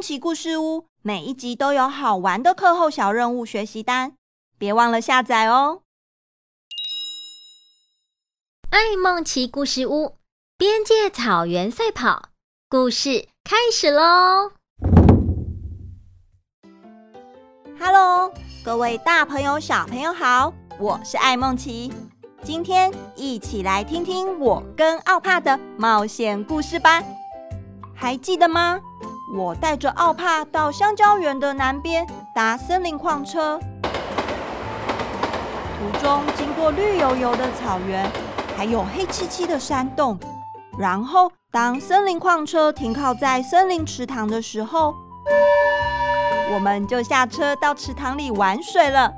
奇故事屋每一集都有好玩的課後小任務學習單，別忘了下載哦。愛孟奇故事屋邊界草原賽跑，故事開始嘍！Hello，各位大朋友小朋友好，我是愛孟奇，今天一起來聽聽我跟奧帕的冒險故事吧。還記得嗎？我帶着奧帕到香蕉園的南邊搭森林礦車，途中經過綠油油的草原，還有黑漆漆的山洞。然後，當森林礦車停靠在森林池塘的時候，我們就下車到池塘裡玩水了。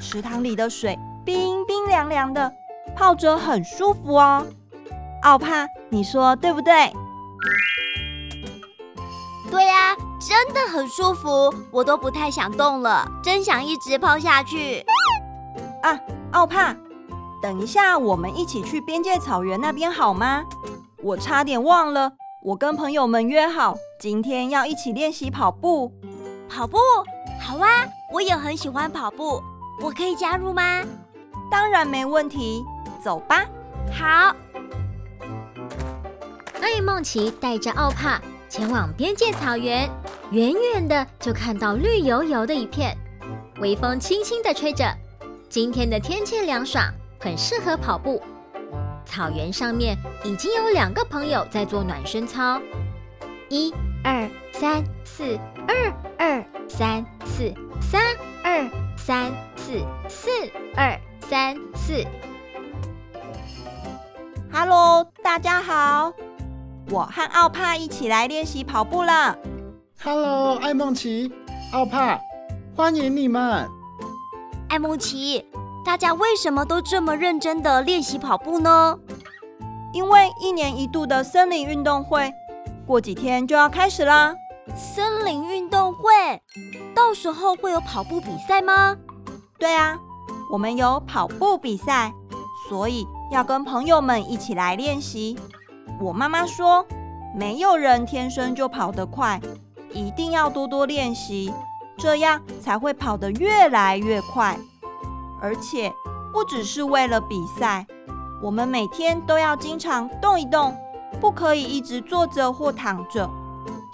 池塘裡的水冰冰涼涼的，泡着很舒服哦。奧帕，你說對不對？對呀、啊，真的很舒服，我都不太想動了，真想一直泡下去。啊，奧帕，等一下，我們一起去邊界草原那邊好嗎？我差點忘了，我跟朋友們約好今天要一起練習跑步。跑步？好啊，我也很喜歡跑步，我可以加入嗎？當然沒問題，走吧。好。愛孟奇帶着奧帕。前往邊界草原，遠遠的就看到綠油油的一片，微風輕輕的吹着，今天的天氣涼爽，很適合跑步。草原上面已經有兩個朋友在做暖身操，一二三四，二二三四，三二三四，四二三四。Hello，大家好。我和奧帕一起來練習跑步了。Hello，愛孟奇，奧帕，歡迎你們。愛孟奇，大家為什麼都這麼認真的練習跑步呢？因為一年一度的森林運動會過幾天就要開始啦。森林運動會，到時候會有跑步比賽嗎？對啊，我們有跑步比賽，所以要跟朋友們一起來練習。我媽媽說，沒有人天生就跑得快，一定要多多練習，這樣才會跑得越來越快。而且不只是為了比賽，我們每天都要經常動一動，不可以一直坐着或躺着。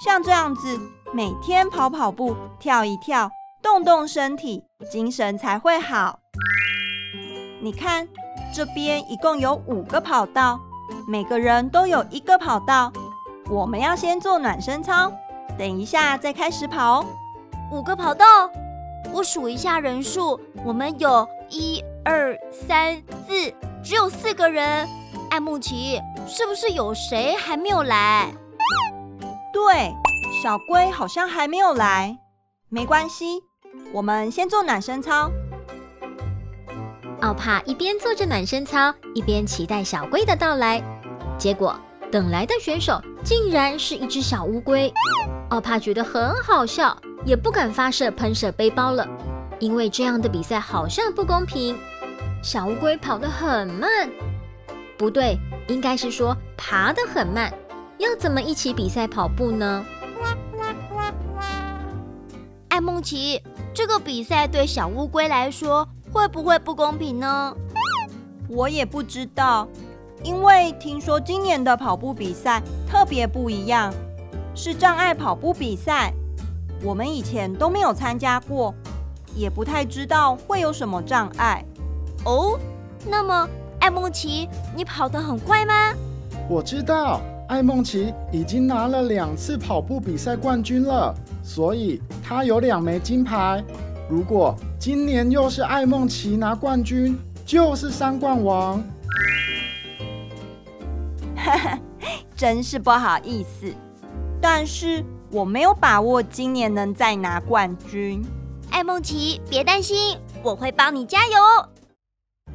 像這樣子，每天跑跑步、跳一跳、動動身體，精神才會好。你看，這邊一共有五個跑道。每個人都有一個跑道，我們要先做暖身操，等一下再開始跑哦。五個跑道，我數一下人數，我們有一、二、三、四，只有四個人。愛孟奇，是不是有誰還沒有來？對，小龜好像還沒有來。沒關係，我們先做暖身操。奧帕一邊做着暖身操，一邊期待小龜的到來。結果等來的選手竟然是一只小烏龜。奧帕覺得很好笑，也不敢發射噴射背包了，因為這樣的比賽好像不公平。小烏龜跑得很慢，不對，應該是說爬得很慢。要怎麼一起比賽跑步呢？愛孟奇，這個比賽對小烏龜來說，會不會不公平呢？我也不知道，因為聽說今年的跑步比賽特別不一樣，是障礙跑步比賽，我們以前都沒有參加過，也不太知道會有什麼障礙。哦，那麼愛孟奇，你跑得很快嗎？我知道，愛孟奇已經拿了兩次跑步比賽冠軍了，所以她有兩枚金牌。如果今年又是愛孟奇拿冠軍，就是三冠王。哈哈，真是不好意思，但是我沒有把握今年能再拿冠軍。愛孟奇，別擔心，我會幫你加油。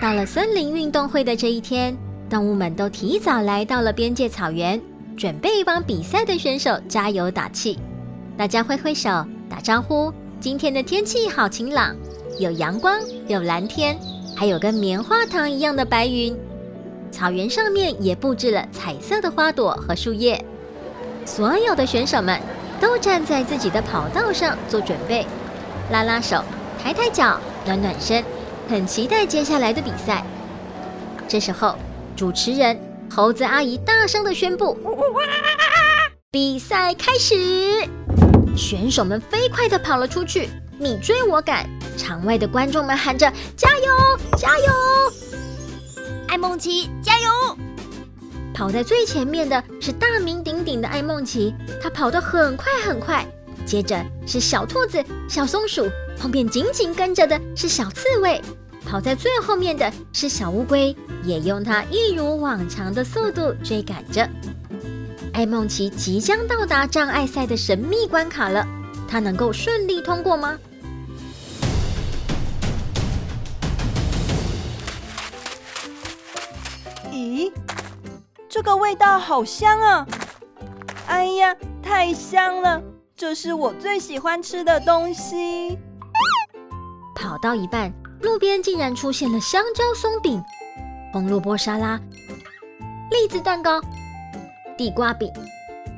到了森林運動會的這一天，動物們都提早來到了邊界草原，準備一幫比賽的選手加油打氣。大家揮揮手打招呼。今天的天氣好晴朗，有陽光，有藍天，還有跟棉花糖一樣的白雲。草原上面也布置了彩色的花朵和樹葉。所有的選手們都站在自己的跑道上做準備，拉拉手，抬抬腳，暖暖身，很期待接下來的比賽。這時候，主持人猴子阿姨大聲地宣佈：哇！比賽開始！選手們飛快地跑了出去，你追我趕，場外的觀眾們喊着：“加油，加油！”愛孟奇，加油！跑在最前面的是大名鼎鼎的愛孟奇，她跑得很快很快。接着是小兔子、小松鼠，旁邊緊緊跟着的是小刺蝟，跑在最後面的是小烏龜，也用它一如往常的速度追趕着。愛孟奇即將到達障礙賽的神秘關卡了，她能夠順利通過嗎？咦，這個味道好香啊！哎呀，太香了，這是我最喜歡吃的東西。跑到一半，路邊竟然出現了香蕉鬆餅、紅蘿蔔沙拉、栗子蛋糕。地瓜餅，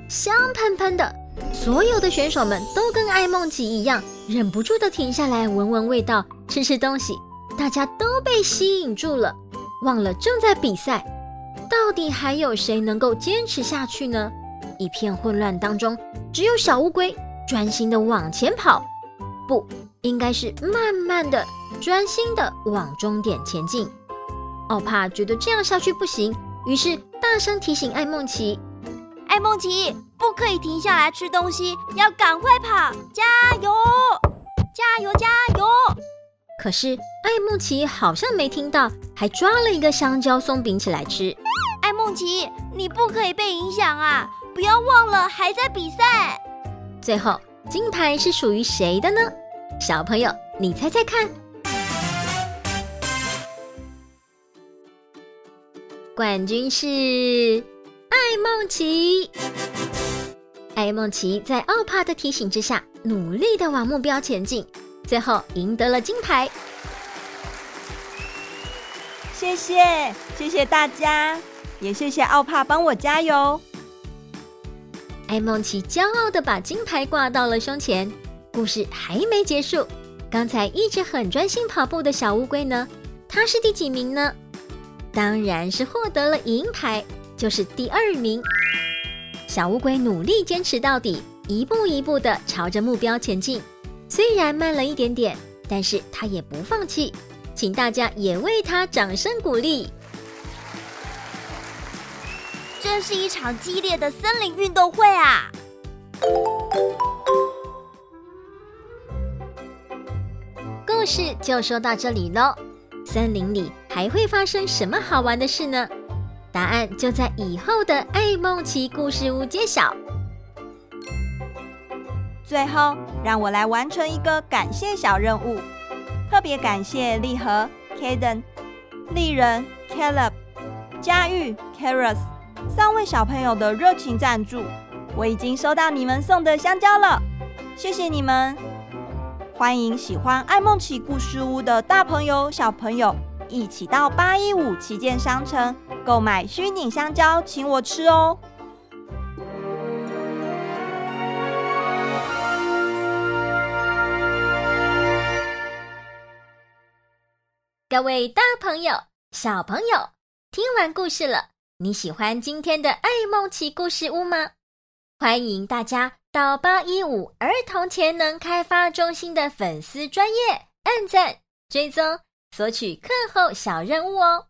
香噴噴的，所有的選手們都跟愛孟奇一樣，忍不住的停下來聞聞味道，吃吃東西。大家都被吸引住了，忘了正在比賽。到底還有誰能夠堅持下去呢？一片混亂當中，只有小烏龜專心的往前跑，不應該是慢慢的專心的往終點前進。奧帕覺得這樣下去不行，於是大聲提醒愛孟奇。愛孟奇，不可以停下來吃東西，要趕快跑！加油，加油，加油！可是愛孟奇好像沒聽到，還抓了一個香蕉鬆餅起來吃。愛孟奇，你不可以被影響啊！不要忘了，還在比賽。最後，金牌是屬於誰的呢？小朋友，你猜猜看，冠軍是。愛孟奇，愛孟奇在奧帕的提醒之下，努力的往目標前進，最後贏得了金牌。謝謝，謝謝大家，也謝謝奧帕幫我加油。愛孟奇驕傲的把金牌掛到了胸前。故事還沒結束，剛才一直很專心跑步的小烏龜呢？它是第幾名呢？當然是獲得了銀牌。就是第二名，小烏龜努力堅持到底，一步一步的朝着目標前進。雖然慢了一點點，但是他也不放棄，請大家也為他掌聲鼓勵。這是一場激烈的森林運動會啊！故事就說到這裡嘍，森林裡還會發生什麼好玩的事呢？答案就在以後的《愛孟奇故事屋》揭曉。最後，讓我來完成一個感謝小任務，特別感謝麗和 Kaden 麗人、Caleb 佳玉、Karas 三位小朋友的熱情贊助。我已經收到你們送的香蕉了，謝謝你們！歡迎喜歡《愛孟奇故事屋》的大朋友、小朋友，一起到八一五旗艦商城。購買虛擬香蕉，請我吃哦！各位大朋友、小朋友，聽完故事了，你喜歡今天的《愛孟奇故事屋》嗎？歡迎大家到八一五兒童潛能開發中心的粉絲專頁按贊、追蹤、索取課後小任務哦！